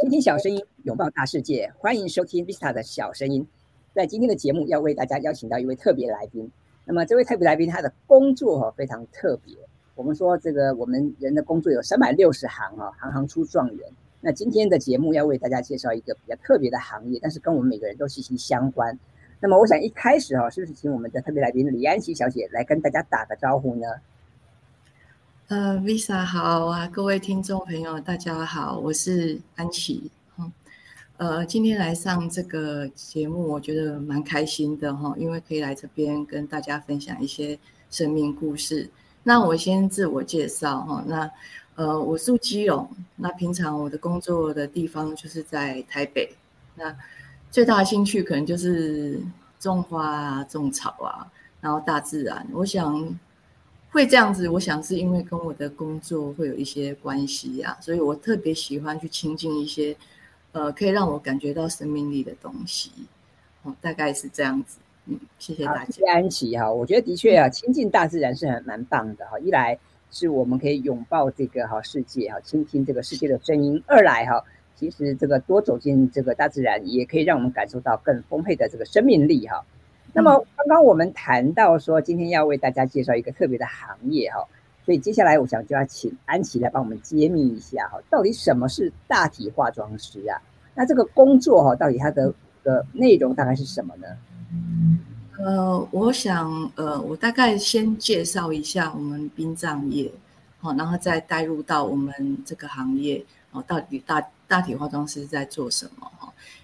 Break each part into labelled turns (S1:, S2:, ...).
S1: 傾聽小聲音，擁抱大世界，歡迎收聽 Vista 的小聲音。在今天的節目，要為大家邀請到一位特別來賓。那麼，這位特別來賓，他的工作非常特別。我們說，這個我們人的工作有三百六十行哈，行行出狀元。那今天的節目要為大家介紹一個比較特別的行業，但是跟我們每個人都息息相關。那麼，我想一開始，哦，是不是請我們的特別來賓李安琪小姐來跟大家打個招呼呢？呃
S2: ，uh, Vista 好啊，各位聽眾朋友，大家好，我是安琪。嗯，呃，今天來上這個節目，我覺得蠻開心的哈，因為可以來這邊跟大家分享一些生命故事。那我先自我介紹哈，那呃，uh, 我住基隆，那平常我的工作的地方就是在台北。那最大的興趣可能就是種花啊、種草啊，然後大自然。我想會這樣子，我想是因為跟我的工作會有一些關係啊，所以我特別喜歡去親近一些呃，可以讓我感覺到生命力的東西。哦，大概是這樣子。嗯，謝謝大家。好，謝謝安
S1: 琪哈，我覺得的確啊，親近大自然是很蠻棒的哈。一來是我們可以擁抱這個哈世界哈，傾聽這個世界的聲音；二來哈。其實這個多走進這個大自然，也可以讓我們感受到更豐沛的這個生命力哈。那麼剛剛我們談到說，今天要為大家介紹一個特別的行業哈，所以接下來我想就要請安琪來幫我們揭秘一下哈，到底什麼是大體化妝師啊？那這個工作哈、啊，到底它的的內容大概是什麼呢？
S2: 呃，我想呃，我大概先介紹一下我們殯葬業，好，然後再帶入到我們這個行業到底大。大體化妝師在做什麼？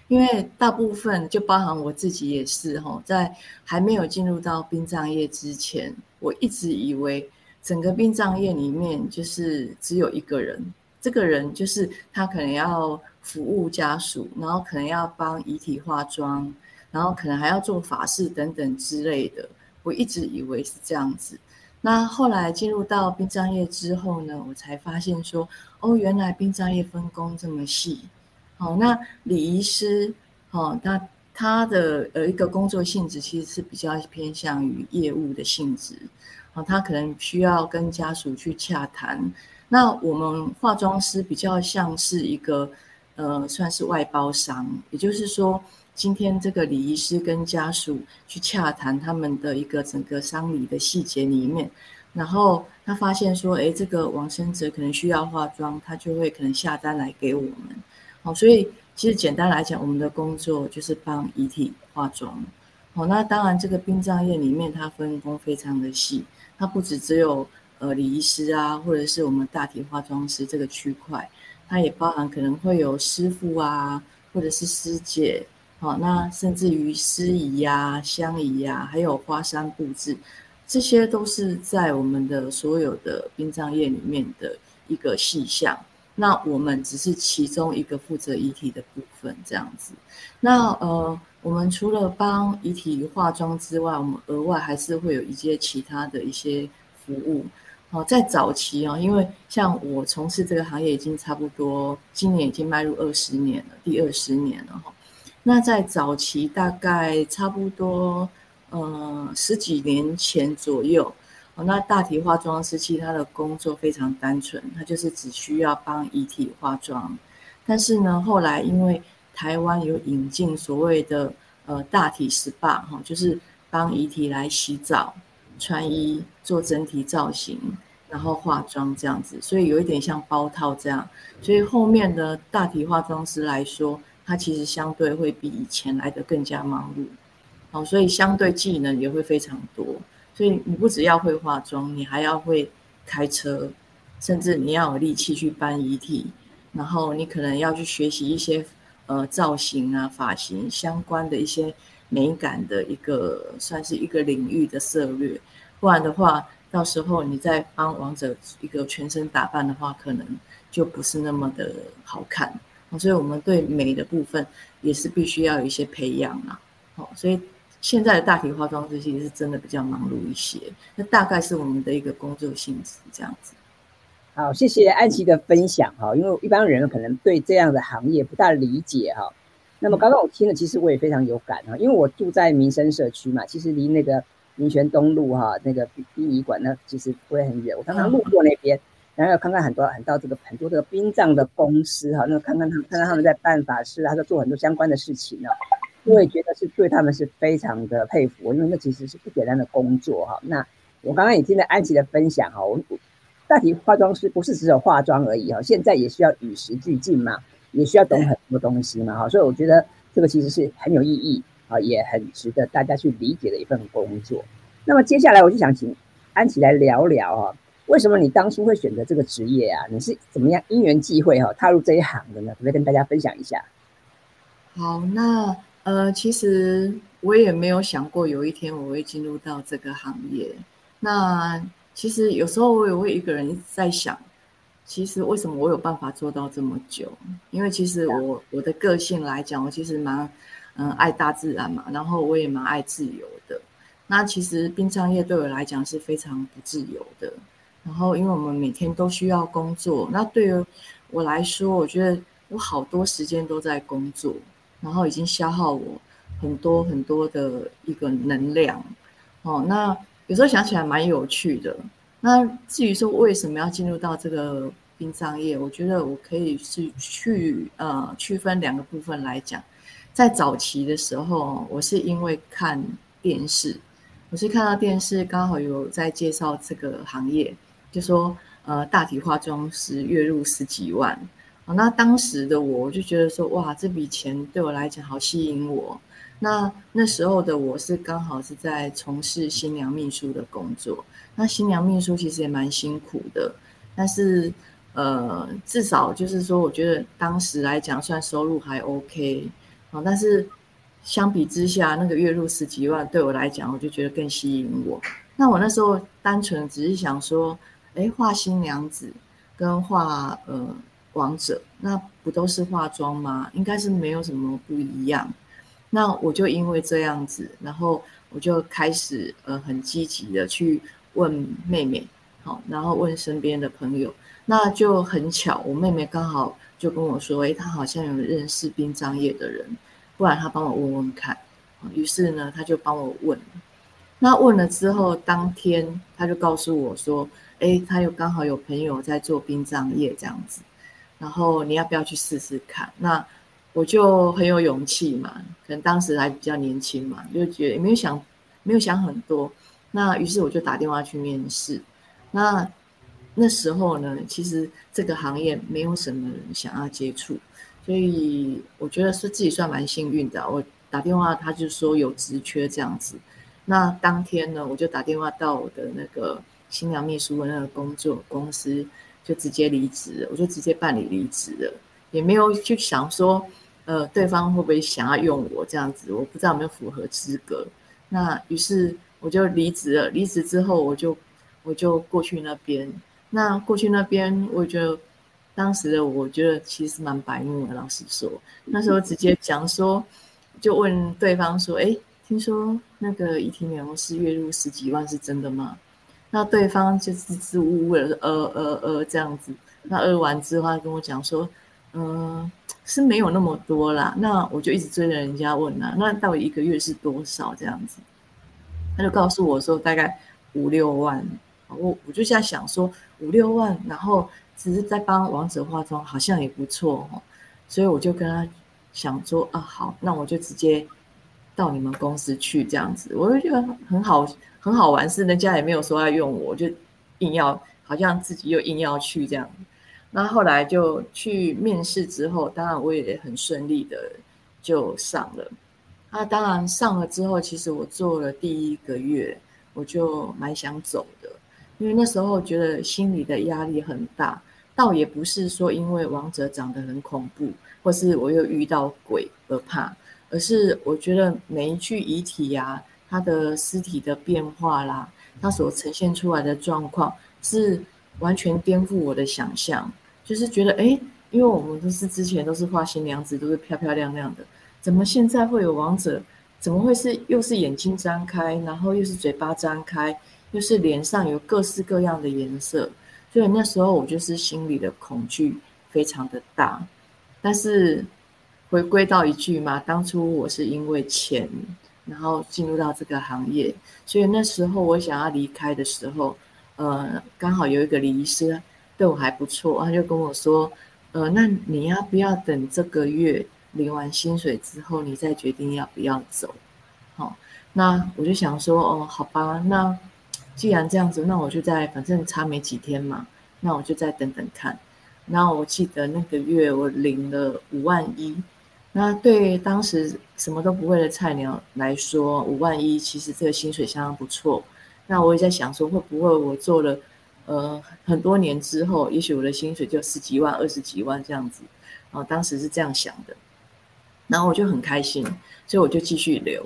S2: 因為大部分就包含我自己也是在還沒有進入到殯葬業之前，我一直以為整個殯葬業裡面就是只有一個人，這個人就是他可能要服務家屬，然後可能要幫遺體化妝，然後可能還要做法事等等之類的，我一直以為是這樣子。那後來進入到殯葬業之後呢，我才發現說，哦，原來殯葬業分工這麼細，好、哦，那禮儀師，好、哦，那他的呃一個工作性質其實是比較偏向於業務的性質，好、哦，他可能需要跟家屬去洽談。那我們化妝師比較像是一個，呃，算是外包商，也就是說。今天這個禮儀師跟家屬去洽談他們的一個整個喪禮的細節裡面，然後他發現說，哎，這個往生者可能需要化妝，他就會可能下單來給我們。好、哦，所以其實簡單來講，我們的工作就是幫遺體化妝。好、哦，那當然這個殯葬業裡面它分工非常的細，它不只只有呃禮儀師啊，或者是我們大體化妝師這個區塊，它也包含可能會有師傅啊，或者是師姐。好，那甚至於司儀呀、襄儀呀、啊，還有花山布置，這些都是在我們的所有的殯葬業裡面的一個細項。那我們只是其中一個負責遺體的部分這樣子。那呃，我們除了幫遺體化妝之外，我們額外還是會有一些其他的一些服務。好，在早期啊、哦，因為像我從事這個行業已經差不多，今年已經邁入二十年了，第二十年了，哦那在早期大概差不多呃十幾年前左右，那大體化妝師其他的工作非常單純，他就是只需要幫遺體化妝。但是呢，後來因為台灣有引進所謂的呃大體 spa 哈，就是幫遺體來洗澡、穿衣、做整體造型，然後化妝這樣子，所以有一點像包套這樣。所以後面的大體化妝師來說。它其實相對會比以前來的更加忙碌，好，所以相對技能也會非常多。所以你不只要會化妝，你還要會開車，甚至你要有力氣去搬遺體，然後你可能要去學習一些呃造型啊、髮型相關的一些美感的一個，算是一個領域的涉獵。不然的話，到時候你在幫亡者一個全身打扮的話，可能就不是那麼的好看。哦，所以我們對美的部分也是必須要有一些培養啊。好、哦，所以現在的大體化妝這些是真的比較忙碌一些，那大概是我們的一個工作性質這樣子。好，謝
S1: 謝安琪的分享哈。因為一般人可能對這樣的行業不大理解哈。那麼剛剛我聽了，其實我也非常有感啊，因為我住在民生社區嘛，其實離那個民權東路哈，那個殯儀館呢，其實不會很遠。我剛剛路過那邊。嗯然後看看很多很多這個很多這個殯葬的公司哈，那看看他們看看他們在辦法事、啊，他在做很多相關的事情呢、啊，我也覺得是對他們是非常的佩服，因為那其實是不簡單的工作哈。那我剛剛也聽了安琪的分享哈，我大體化妝師不是只有化妝而已哈，現在也需要與時俱進嘛，也需要懂很多東西嘛哈，所以我覺得這個其實是很有意義啊，也很值得大家去理解的一份工作。那麼接下來我就想請安琪來聊聊哈。為什麼你當初會選擇這個職業啊？你是怎麼樣因緣際會哈踏入這一行的呢？可不可以跟大家分享一下。
S2: 好，那呃，其實我也沒有想過有一天我會進入到這個行業。那其實有時候我也會一個人在想，其實為什麼我有辦法做到這麼久？因為其實我、嗯、我的個性來講，我其實蠻嗯、呃、愛大自然嘛，然後我也蠻愛自由的。那其實殯葬業對我來講是非常不自由的。然後，因為我們每天都需要工作，那對於我來說，我覺得我好多時間都在工作，然後已經消耗我很多很多的一個能量。哦，那有時候想起來蠻有趣的。那至於說為什麼要進入到這個殯葬業，我覺得我可以是去呃區分兩個部分來講。在早期的時候，我是因為看電視，我是看到電視剛好有在介紹這個行業。就說呃，大體化妝師月入十幾萬啊，哦，那當時的我，我就覺得說，哇，這筆錢對我來講好吸引我。那那時候的我是剛好是在從事新娘秘書的工作，那新娘秘書其實也蠻辛苦的，但是呃，至少就是說，我覺得當時來講算收入還 OK 啊，哦。但是相比之下，那個月入十幾萬對我來講，我就覺得更吸引我。那我那時候單純只是想說。哎，化新娘子跟化呃亡者，那不都是化妝嗎？應該是沒有什麼不一樣。那我就因為這樣子，然後我就開始呃很積極的去問妹妹，好，然後問身邊的朋友。那就很巧，我妹妹剛好就跟我說，哎，她好像有認識殯葬業的人，不然她幫我問問看。於是呢，她就幫我問。那問了之後，當天她就告訴我說。哎、欸，他有剛好有朋友在做殯葬業這樣子，然後你要不要去試試看？那我就很有勇氣嘛，可能當時還比較年輕嘛，就覺得也沒有想，沒有想很多。那於是我就打電話去面試。那那時候呢，其實這個行業沒有什麼人想要接觸，所以我覺得是自己算蠻幸運的。我打電話，他就說有職缺這樣子。那當天呢，我就打電話到我的那個。新娘秘書的那個工作公司就直接離職了，我就直接辦理離職了，也沒有去想說，呃，對方會不會想要用我這樣子，我不知道有沒有符合資格。那於是我就離職了，離職之後我就我就過去那邊。那過去那邊我就，我覺得當時的我覺得其實蠻白目的老實說，那時候直接講說，就問對方說，誒，聽說那個遺體美容師月入十幾萬是真的嗎？那對方就支支吾吾了，呃呃呃這樣子。那呃完之後，他跟我講說，嗯、呃，是沒有那麼多啦。那我就一直追着人家問啊，那到底一個月是多少這樣子？他就告訴我說大概五六萬。我我就在想說五六萬，然後只是在幫亡者化妝，好像也不錯哦。所以我就跟他想說，啊好，那我就直接。到你們公司去這樣子，我就覺得很好，很好玩。是人家也沒有說要用我，我就硬要，好像自己又硬要去這樣。那後來就去面試之後，當然我也很順利的就上了。那、啊、當然上了之後，其實我做了第一個月，我就蠻想走的，因為那時候我覺得心理的壓力很大。倒也不是說因為亡者長得很恐怖，或是我又遇到鬼而怕。可是我覺得每一具遺體呀、啊，它的屍體的變化啦，它所呈現出來的狀況是完全顛覆我的想象就是覺得哎，因為我們都是之前都是化新娘子，都是漂漂亮亮的，怎麼現在會有亡者？怎麼會是又是眼睛張開，然後又是嘴巴張開，又是臉上有各式各樣的顏色？所以那時候我就是心裡的恐懼非常的大，但是。回歸到一句嘛，當初我是因為錢，然後進入到這個行業，所以那時候我想要離開的時候，呃，剛好有一個李醫師對我還不錯，他就跟我說，呃，那你要不要等這個月領完薪水之後，你再決定要不要走？好，哦，那我就想說，哦，好吧，那既然這樣子，那我就再，反正差沒幾天嘛，那我就再等等看。那我記得那個月我領了五萬一。那對於當時什麼都不會的菜鳥來說，五萬一其實這個薪水相當不錯。那我也在想說，會不會我做了呃很多年之後，也許我的薪水就十幾萬、二十幾萬這樣子？哦，當時是這樣想的，然後我就很開心，所以我就繼續留。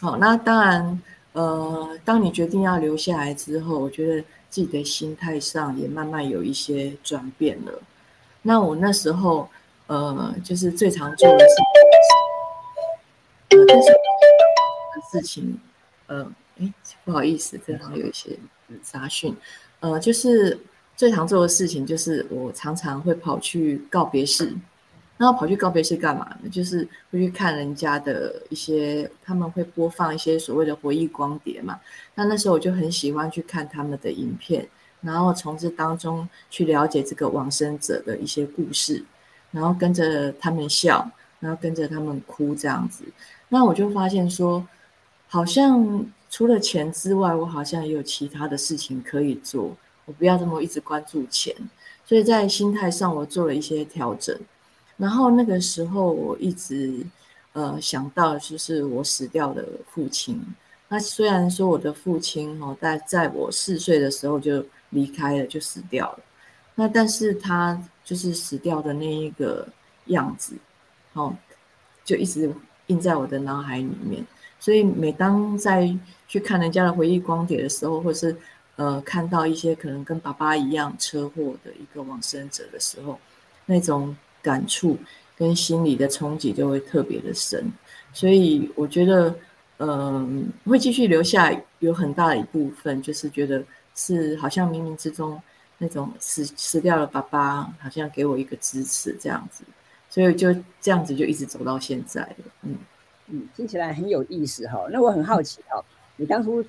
S2: 好，哦，那當然，呃，當你決定要留下來之後，我覺得自己的心態上也慢慢有一些轉變了。那我那時候。呃，就是最常做的是呃，但是事情，呃，誒，不好意思，正常有一些雜訊。呃，就是最常做的事情，就是我常常會跑去告別式，然後跑去告別式幹嘛呢？就是會去看人家的一些，他們會播放一些所謂的回憶光碟嘛。那那時候我就很喜歡去看他們的影片，然後從這當中去了解這個往生者的一些故事。然後跟着他們笑，然後跟着他們哭，這樣子。那我就發現說，好像除了錢之外，我好像也有其他的事情可以做。我不要這麼一直關注錢，所以在心態上我做了一些調整。然後那個時候我一直呃想到就是我死掉的父親。那雖然說我的父親哦，但在我四歲的時候就離開了，就死掉了。那但是他就是死掉的那一個樣子，好、哦，就一直印在我的腦海裡面。所以每當在去看人家的回憶光碟的時候，或是呃看到一些可能跟爸爸一樣車禍的一個往生者的時候，那種感觸跟心理的衝擊就會特別的深。所以我覺得，嗯、呃，會繼續留下有很大的一部分，就是覺得是好像冥冥之中。那種死，死掉了爸爸，好像給我一個支持這樣子，所以就這樣子就一直走到現在嗯，嗯聽起來很有意思哈、哦。那我很好奇哈、哦，你當初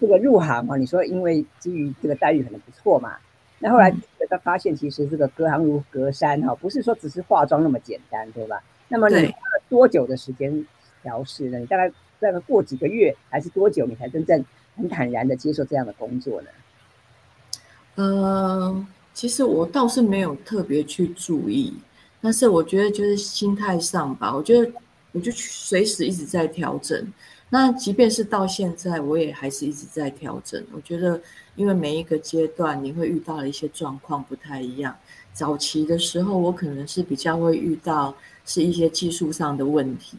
S2: 這
S1: 個入行哈、哦，你說因為基於這個待遇可能不錯嘛，那後來發現其實這個隔行如隔山哈、哦，不是說只是化妝那麼簡單對吧？那麼你花了多久的時間調適呢？你大概在大概過幾個月還是多久你才真正很坦然的接受這樣的工作呢？
S2: 呃，其實我倒是沒有特別去注意，但是我覺得就是心態上吧，我覺得我就隨時一直在調整。那即便是到現在，我也還是一直在調整。我覺得，因為每一個階段你會遇到的一些狀況不太一樣。早期的時候，我可能是比較會遇到是一些技術上的問題。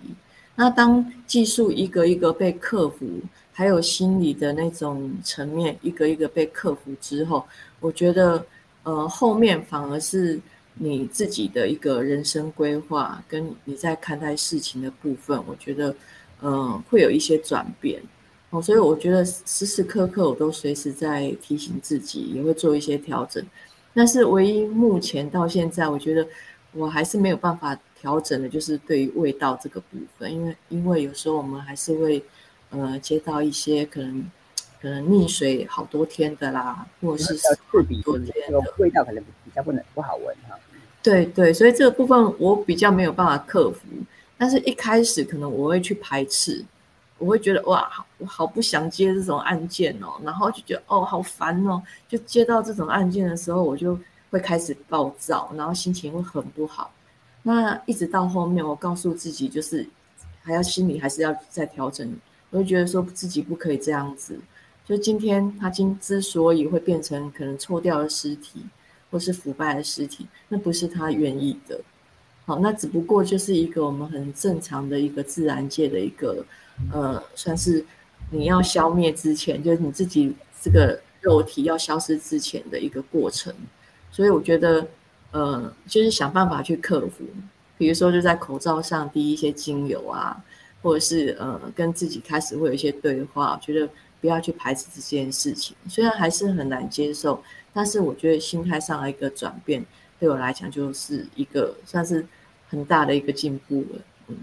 S2: 那當技術一個一個被克服。還有心理的那種層面，一個一個被克服之後，我覺得，呃，後面反而是你自己的一個人生規劃，跟你在看待事情的部分，我覺得，嗯、呃，會有一些轉變。哦，所以我覺得時時刻刻我都隨時在提醒自己，也會做一些調整。但是，唯一目前到現在，我覺得我還是沒有辦法調整的，就是對於味道這個部分，因為因為有時候我們還是會。呃，接到一些可能可能溺水好多天的啦，嗯、或者是過幾天的，嗯、味道，可能比較不能不好聞哈、嗯。對對，所以這個部分我比較沒有辦法克服。但是一開始可能我會去排斥，我會覺得哇，我好不想接這種案件哦，然後就覺得哦，好煩哦。就接到這種案件的時候，我就會開始暴躁，然後心情會很不好。那一直到後面，我告訴自己，就是還要心裡還是要再調整。我就覺得說自己不可以這樣子，就今天他今之所以會變成可能臭掉的屍體，或是腐敗的屍體，那不是他願意的。好，那只不過就是一個我們很正常的一個自然界的一個呃，算是你要消滅之前，就是你自己這個肉體要消失之前的一個過程。所以我覺得，呃，就是想辦法去克服，比如說就在口罩上滴一些精油啊。或者是呃，跟自己開始會有一些對話，覺得不要去排斥這件事情。雖然還是很難接受，但是我覺得心態上的一個轉變，對我來講就是一個算是很大的一個進步了。
S1: 嗯，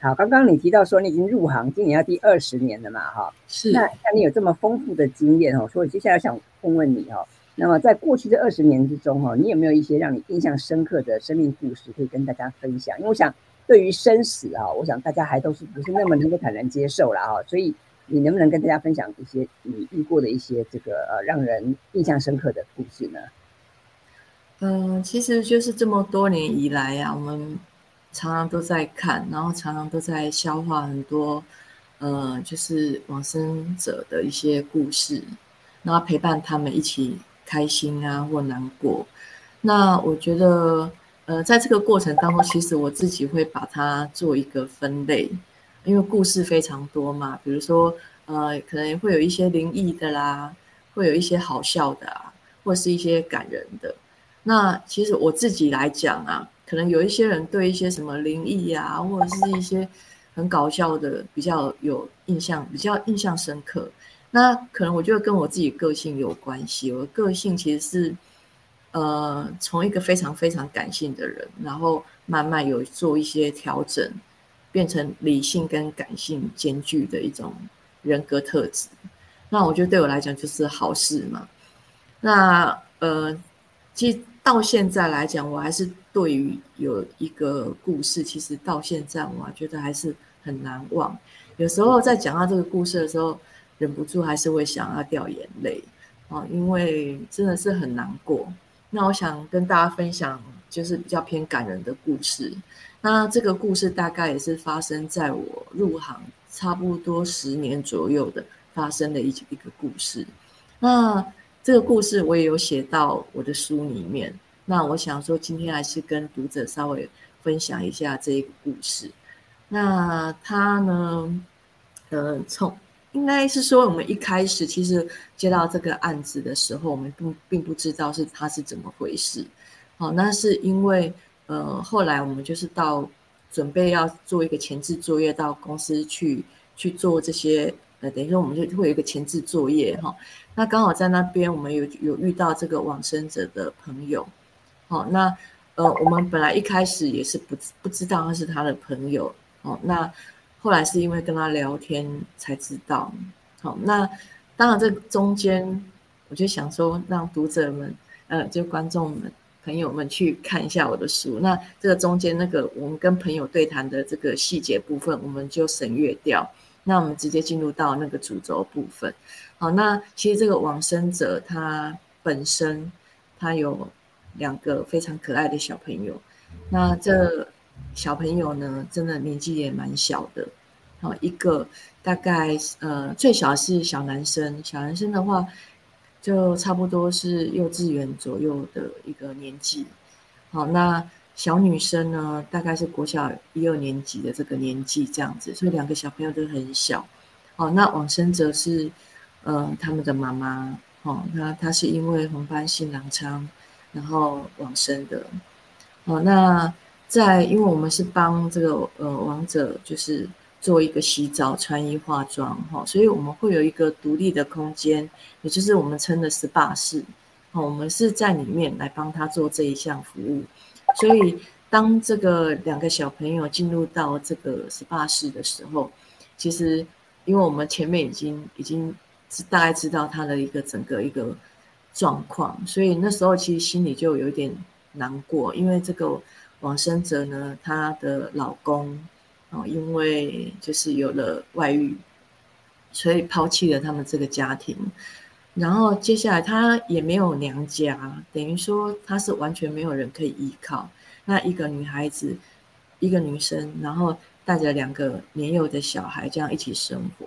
S1: 好，剛剛你提到說你已經入行，今年要第二十年了嘛？哈，是。那那你有這麼豐富的經驗哦，所以接下來想問問你哦，那麼在過去這二十年之中哈，你有沒有一些讓你印象深刻的生命故事可以跟大家分享？因為我想。對於生死啊，我想大家還都是不是那麼能夠坦然接受了啊，所以你能不能跟大家分享一些你遇過的一些這個，呃，讓人印象深刻的故事呢？嗯，
S2: 其實就是這麼多年以來啊，我們常常都在看，然後常常都在消化很多，呃，就是往生者的一些故事，然後陪伴他們一起開心啊或難過。那我覺得。呃，在這個過程當中，其實我自己會把它做一個分類，因為故事非常多嘛。比如說，呃，可能會有一些靈異的啦，會有一些好笑的，啊，或者是一些感人的。那其實我自己來講啊，可能有一些人對一些什麼靈異啊，或者是一些很搞笑的，比較有印象，比較印象深刻。那可能我覺得跟我自己個性有關係，我個性其實是。呃，從一個非常非常感性的人，然後慢慢有做一些調整，變成理性跟感性兼具的一種人格特質。那我覺得對我來講就是好事嘛。那呃，其實到現在來講，我還是對於有一個故事，其實到現在我覺得還是很難忘。有時候在講到這個故事的時候，忍不住還是會想要掉眼淚啊，因為真的是很難過。那我想跟大家分享，就是比較偏感人的故事。那這個故事大概也是發生在我入行差不多十年左右的，發生的一一個故事。那這個故事我也有寫到我的書裡面。那我想說，今天還是跟讀者稍微分享一下這個故事。那他呢，呃，從。應該是說，我們一開始其實接到這個案子的時候，我們並並不知道是他是怎麼回事。好、哦，那是因為，呃，後來我們就是到準備要做一個前置作業，到公司去去做這些，呃，等於說我們就會有一個前置作業哈、哦。那剛好在那邊，我們有有遇到這個往生者的朋友。好、哦，那呃，我們本來一開始也是不，不知道他是他的朋友。好、哦，那。後來是因為跟他聊天才知道，好，那當然這中間我就想說，讓讀者們、呃，就觀眾們、朋友們去看一下我的書。那這個中間那個我們跟朋友對談的這個細節部分，我們就省略掉。那我們直接進入到那個主軸部分。好，那其實這個往生者他本身他有兩個非常可愛的小朋友，那這個。小朋友呢，真的年紀也蠻小的，好，一個大概呃，最小是小男生，小男生的話就差不多是幼稚園左右的一個年紀，好，那小女生呢，大概是國小一二年級的這個年紀這樣子，所以兩個小朋友都很小，好，那往生者是呃他們的媽媽，哦，那她是因為紅斑性狼瘡然後往生的，好，那。在，因為我們是幫這個呃亡者，就是做一個洗澡、穿衣、化妝，哦，所以我們會有一個獨立的空間，也就是我們稱的 SPA 室，哦，我們是在裡面來幫他做這一項服務。所以當這個兩個小朋友進入到這個 SPA 室的時候，其實因為我們前面已經已經大概知道他的一個整個一個狀況，所以那時候其實心裡就有點難過，因為這個。往生者呢，他的老公哦，因為就是有了外遇，所以拋棄了他們這個家庭。然後接下來他也沒有娘家，等於說他是完全沒有人可以依靠。那一個女孩子，一個女生，然後帶着兩個年幼的小孩這樣一起生活。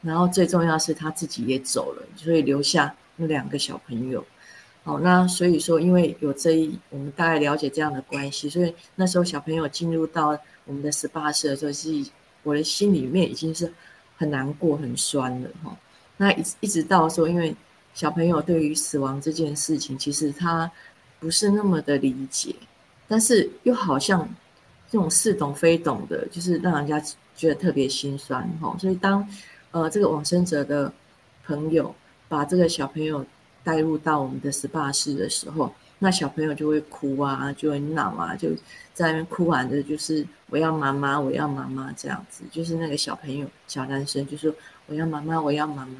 S2: 然後最重要是她自己也走了，所以留下兩個小朋友。好、哦，那所以說，因為有這一，我們大概了解這樣的關係，所以那時候小朋友進入到我們的十八室的時候，是我的心裡面已經是很難過、很酸了、哦、那一一直到說，因為小朋友對於死亡這件事情，其實他不是那麼的理解，但是又好像這種似懂非懂的，就是讓人家覺得特別心酸、哦、所以當呃這個往生者的朋友把這個小朋友。帶入到我們的 SPA 室的時候，那小朋友就會哭啊，就會鬧啊，就在那邊哭完的就是我要媽媽，我要媽媽這樣子。就是那個小朋友小男生就說我要媽媽，我要媽媽。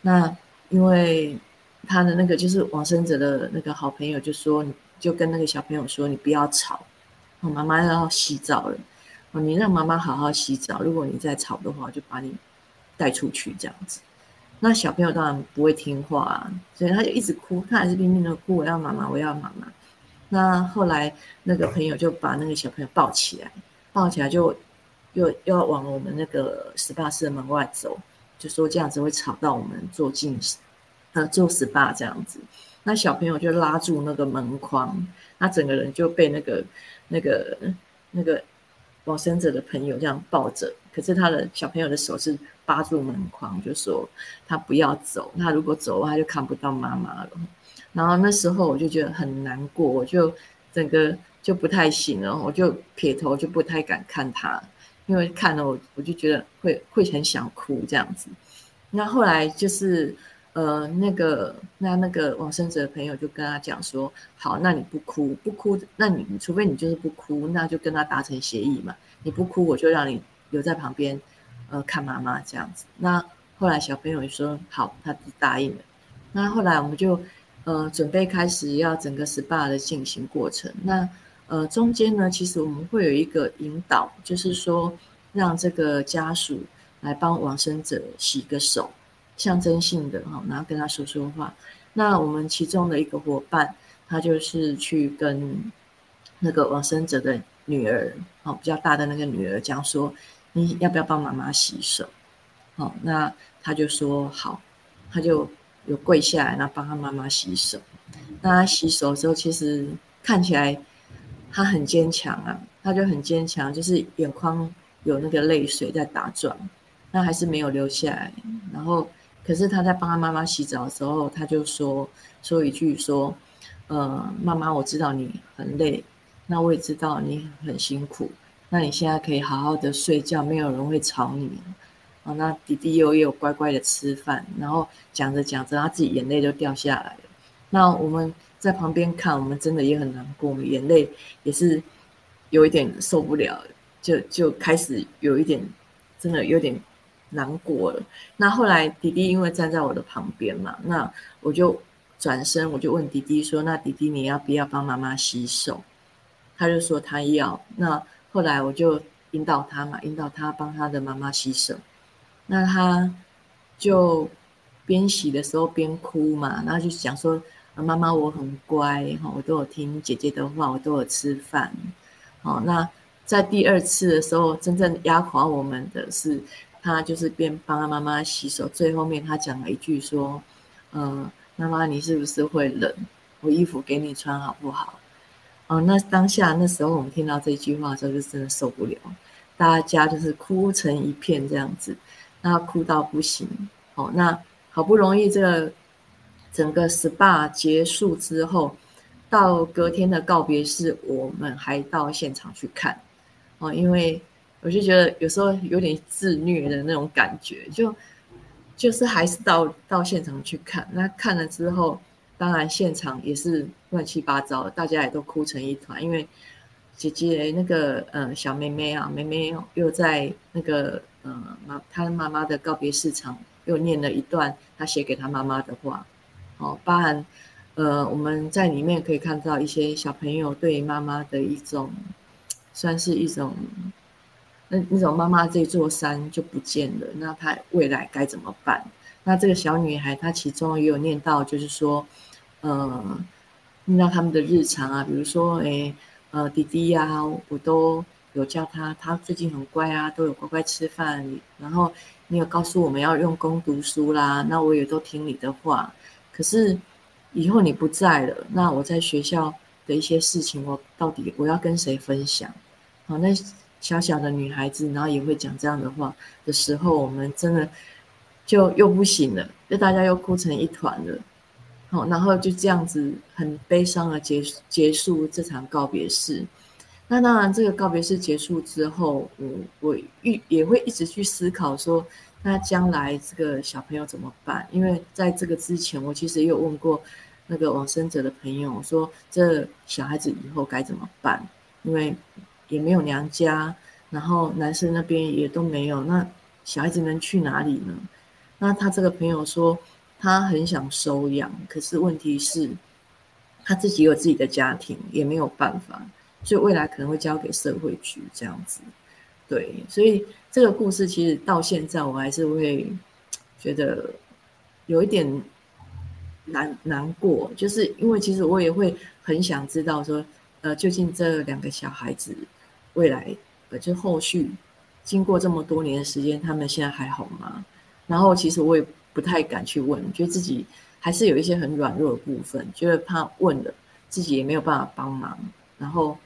S2: 那因為他的那個就是往生者的那個好朋友就說，就跟那個小朋友說，你不要吵，我媽媽要洗澡了，你讓媽媽好好洗澡。如果你再吵的話，我就把你帶出去這樣子。那小朋友當然不會聽話啊，所以他就一直哭，他還是拼命的哭，我要媽媽，我要媽媽。那後來那個朋友就把那個小朋友抱起來，抱起來就又要往我們那個 SPA 室的門外走，就說這樣子會吵到我們做靜，呃做 SPA 這樣子。那小朋友就拉住那個門框，他整個人就被那個那個那個往生者的朋友這樣抱着，可是他的小朋友的手是。扒住門框就說：“他不要走，他如果走，他就看不到媽媽了。”然後那時候我就覺得很難過，我就整個就不太行了，我就撇頭就不太敢看他，因為看了我我就覺得會會很想哭這樣子。那後來就是呃那個那那個往生者朋友就跟他講說：“好，那你不哭不哭，那你除非你就是不哭，那就跟他達成協議嘛，你不哭我就讓你留在旁邊。”呃、看媽媽這樣子，那後來小朋友說好，他答應了。那後來我們就呃準備開始要整個 SPA 的進行過程。那呃中間呢，其實我們會有一個引導，就是說讓這個家屬來幫往生者洗個手，象徵性的、哦、然後跟他說說話。那我們其中的一個夥伴，他就是去跟那個往生者的女兒，哦、比較大的那個女兒講說。你、嗯、要不要幫媽媽洗手？好、哦，那他就說好，他就有跪下來，然後幫他媽媽洗手。那他洗手的時候，其實看起來他很堅強啊，他就很堅強，就是眼眶有那個淚水在打轉，那還是沒有流下來。然後，可是他在幫他媽媽洗澡的時候，他就說說一句說，呃，媽媽，我知道你很累，那我也知道你很辛苦。那你現在可以好好的睡覺，沒有人會吵你，哦，那弟弟又又乖乖的吃飯，然後講着講着，他自己眼淚就掉下來了。那我們在旁邊看，我們真的也很難過，眼淚也是有一點受不了，就就開始有一點真的有點難過了。那後來弟弟因為站在我的旁邊嘛，那我就轉身，我就問弟弟說：“那弟弟你要不要幫媽媽洗手？”他就說他要。那後來我就引導他嘛，引導他幫他的媽媽洗手，那他就邊洗的時候邊哭嘛，然後就講說，媽媽我很乖哈，我都有聽姐姐的話，我都有吃飯，好，那在第二次的時候，真正壓垮我們的是，他就是邊幫他媽媽洗手，最後面他講了一句說，嗯，呃，媽媽你是不是會冷？我衣服給你穿好不好？哦，那當下那時候我們聽到這句話的時候，就真的受不了，大家就是哭成一片這樣子，那哭到不行。哦，那好不容易這個整個 SPA 結束之後，到隔天的告別式，我們還到現場去看。哦，因為我就覺得有時候有點自虐的那種感覺，就就是還是到到現場去看。那看了之後。當然，現場也是亂七八糟，大家也都哭成一團。因為姐姐的那個呃小妹妹啊，妹妹又在那個呃媽她媽媽的告別式場又念了一段她寫給她媽媽的話。好、哦，包含呃我們在裡面可以看到一些小朋友對於媽媽的一種，算是一種那那種媽媽這座山就不見了，那她未來該怎麼辦？那這個小女孩她其中也有念到，就是說。呃、嗯，聽到他們的日常啊，比如說，誒、欸，呃，弟弟呀、啊，我都有叫他，他最近很乖啊，都有乖乖吃飯。然後你有告訴我們要用功讀書啦，那我也都聽你的話。可是以後你不在了，那我在學校的一些事情，我到底我要跟誰分享？好、啊，那小小的女孩子，然後也會講這樣的話的時候，我們真的就又不行了，就大家又哭成一團了。然後就這樣子很悲傷的結結束這場告別式。那當然這個告別式結束之後，我我一也會一直去思考說，那將來這個小朋友怎麼辦？因為在這個之前，我其實也有問過那個往生者的朋友說，說這小孩子以後該怎麼辦？因為也沒有娘家，然後男生那邊也都沒有，那小孩子能去哪裡呢？那他這個朋友說，他很想收養，可是問題是，他自己有自己的家庭，也沒有辦法，所以未來可能會交給社會局這樣子。對，所以這個故事其實到現在我還是會覺得有一點難難過，就是因為其實我也會很想知道說，呃，究竟這兩個小孩子未來呃就後續經過這麼多年的時間，他們現在還好嗎？然後其實我也，不太敢去問，覺得自己還是有一些很軟弱的部分，覺得怕問了自己也沒有辦法幫忙，然後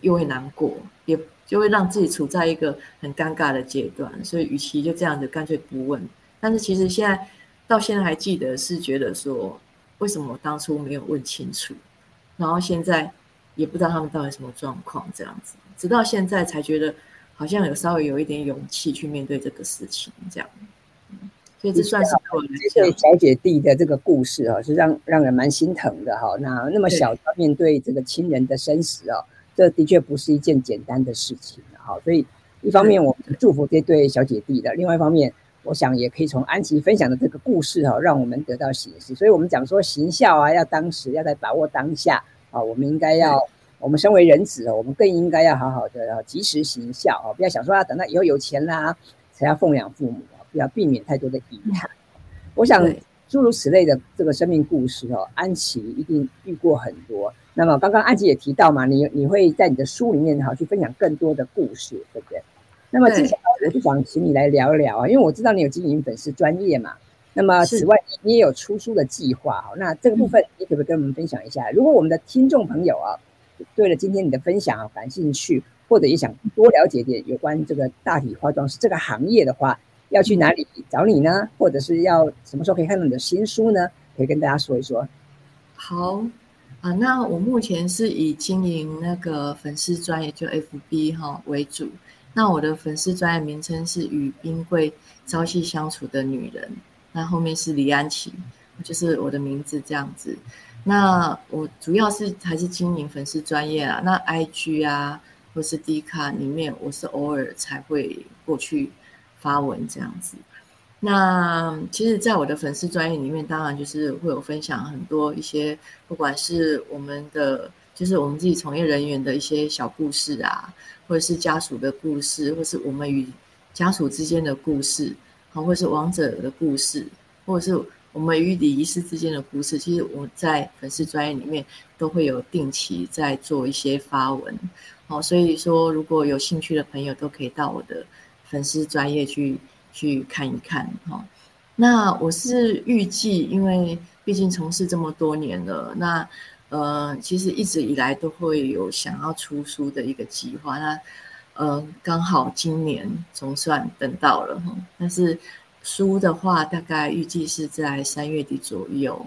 S2: 又會難過，也就會讓自己處在一個很尷尬的階段。所以，與其就這樣子乾脆不問，但是其實現在到現在還記得是覺得說，為什麼我當初沒有問清楚，然後現在也不知道他們到底什麼狀況這樣子，直到現在才覺得好像有稍微有一點勇氣去面對這個事情這樣。
S1: 算是我們這對小姐弟的這個故事哈，是讓讓人蠻心疼的哈。那那麼小，面對這個親人的生死哦，這的確不是一件簡單的事情哈。所以一方面我們祝福這對小姐弟的，另外一方面，我想也可以從安琪分享的這個故事哈，讓我們得到啟示。所以我們講說行孝啊，要當時要在把握當下啊，我們應該要我們身為人子哦，我們更應該要好好的要及時行孝啊，不要想說要等到以後有錢啦才要奉養父母。要避免太多的遺憾。我想，諸如此類的這個生命故事哦，安琪一定遇過很多。那麼，剛剛安琪也提到嘛，你你會在你的書裡面哈去分享更多的故事，對不對？
S2: 那麼，接下
S1: 來我就想請你來聊一聊啊，因為我知道你有經營粉絲專業嘛。那麼，此外，你也有出書的計劃。那這個部分，你可不可以跟我們分享一下？嗯？如果我們的聽眾朋友啊，對了，今天你的分享啊感興趣，或者也想多了解點有關這個大體化妝師這個行業的話。要去哪裡找你呢？或者是要什麼時候可以看到你的新書呢？可以跟大家說一說。
S2: 好，啊，那我目前是以經營那個粉絲專業，就 FB 哈、哦、為主。那我的粉絲專業名稱是與冰櫃朝夕相處的女人。那後面是李安琪，就是我的名字這樣子。那我主要是還是經營粉絲專業啊。那 IG 啊，或是 D 卡裡面，我是偶爾才會過去。發文這樣子，那其實，在我的粉絲專頁裡面，當然就是會有分享很多一些，不管是我們的，就是我們自己從業人員的一些小故事啊，或者是家屬的故事，或者是我們與家屬之間的故事，好，或者是亡者的故事，或者是我們與禮儀師之間的故事。其實我在粉絲專頁裡面都會有定期在做一些發文，好、哦，所以說如果有興趣的朋友，都可以到我的。粉絲專業去去看一看，哦，那我是預計，因為畢竟從事這麼多年了，那呃，其實一直以來都會有想要出書的一個計劃，那呃，剛好今年總算等到了，但是書的話大概預計是在三月底左右，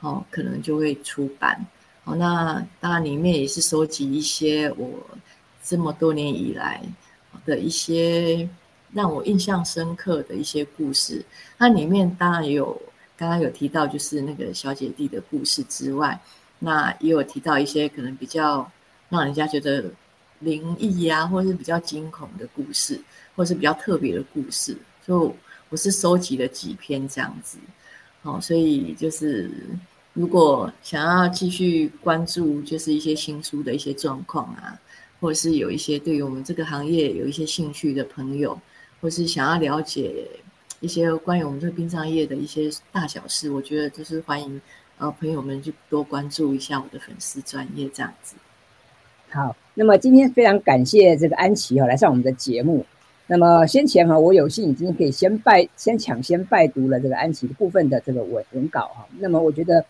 S2: 哦，可能就會出版。好，那當然裡面也是收集一些我這麼多年以來的一些。讓我印象深刻的一些故事，那裡面當然也有剛剛有提到就是那個小姐弟的故事之外，那也有提到一些可能比較讓人家覺得靈異啊，或者是比較驚恐的故事，或是比較特別的故事。就我是收集了幾篇這樣子，哦，所以就是如果想要繼續關注，就是一些新書的一些狀況啊，或者是有一些對於我們這個行業有一些興趣的朋友，或是想要了解一些關於我們這個殯葬業的一些大小事，我覺得就是歡迎啊，朋友們去多關注一下我的粉絲專頁這樣子。
S1: 好，那麼今天非常感謝這個安琪哈、哦、來上我們的節目。那麼先前哈我有幸已經可以先拜先搶先拜讀了這個安琪的部分的這個文文稿哈。那麼我覺得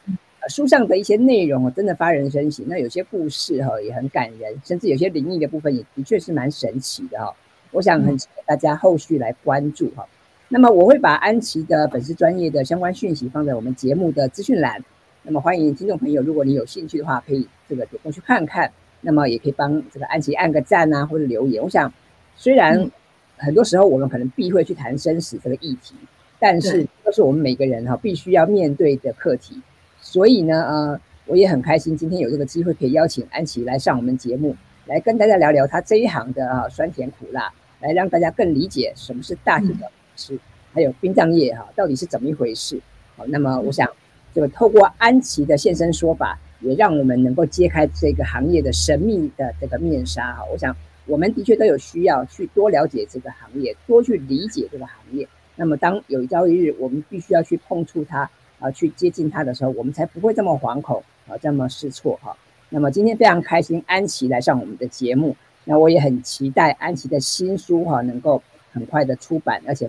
S1: 書上的一些內容真的發人深省，那有些故事哈也很感人，甚至有些靈異的部分也的確是蠻神奇的哈。我想，很期待大家後續來關注哈、啊。那麼我會把安琪的本職專業的相關訊息放在我們節目的資訊欄。那麼歡迎聽眾朋友，如果你有興趣的話，可以這個主動去看看。那麼也可以幫這個安琪按個讚吶，或者留言。我想，雖然很多時候我們可能避諱去談生死這個議題，但是都是我們每個人哈、啊、必須要面對的課題。所以呢，呃，我也很開心今天有這個機會可以邀請安琪來上我們節目，來跟大家聊聊她這一行的、啊、酸甜苦辣。來讓大家更理解什麼是大體的是，嗯、還有殯葬業哈，到底是怎麼一回事？好，那麼我想，就透過安琪的現身說法，也讓我們能夠揭開這個行業的神秘的這個面紗哈。我想，我們的確都有需要去多了解這個行業，多去理解這個行業。那麼，當有一朝一日我們必須要去碰觸它啊，去接近它的時候，我們才不會這麼惶恐啊，這麼失措。哈。那麼，今天非常開心，安琪來上我們的節目。那我也很期待安琪的新書哈，能夠很快的出版，而且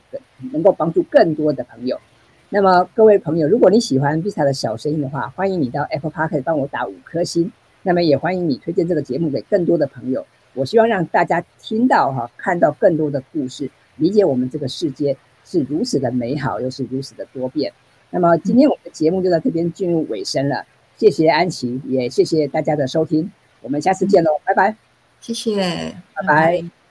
S1: 能夠幫助更多的朋友。那麼各位朋友，如果你喜歡 Vista 的小聲音的話，歡迎你到 Apple Podcast 幫我打五顆星。那麼也歡迎你推薦這個節目給更多的朋友。我希望讓大家聽到哈、啊，看到更多的故事，理解我們這個世界是如此的美好，又是如此的多變。那麼今天我們的節目就到這邊進入尾聲了，謝謝安琪，也謝謝大家的收聽，我們下次見嘍，拜拜。謝謝，拜拜。嗯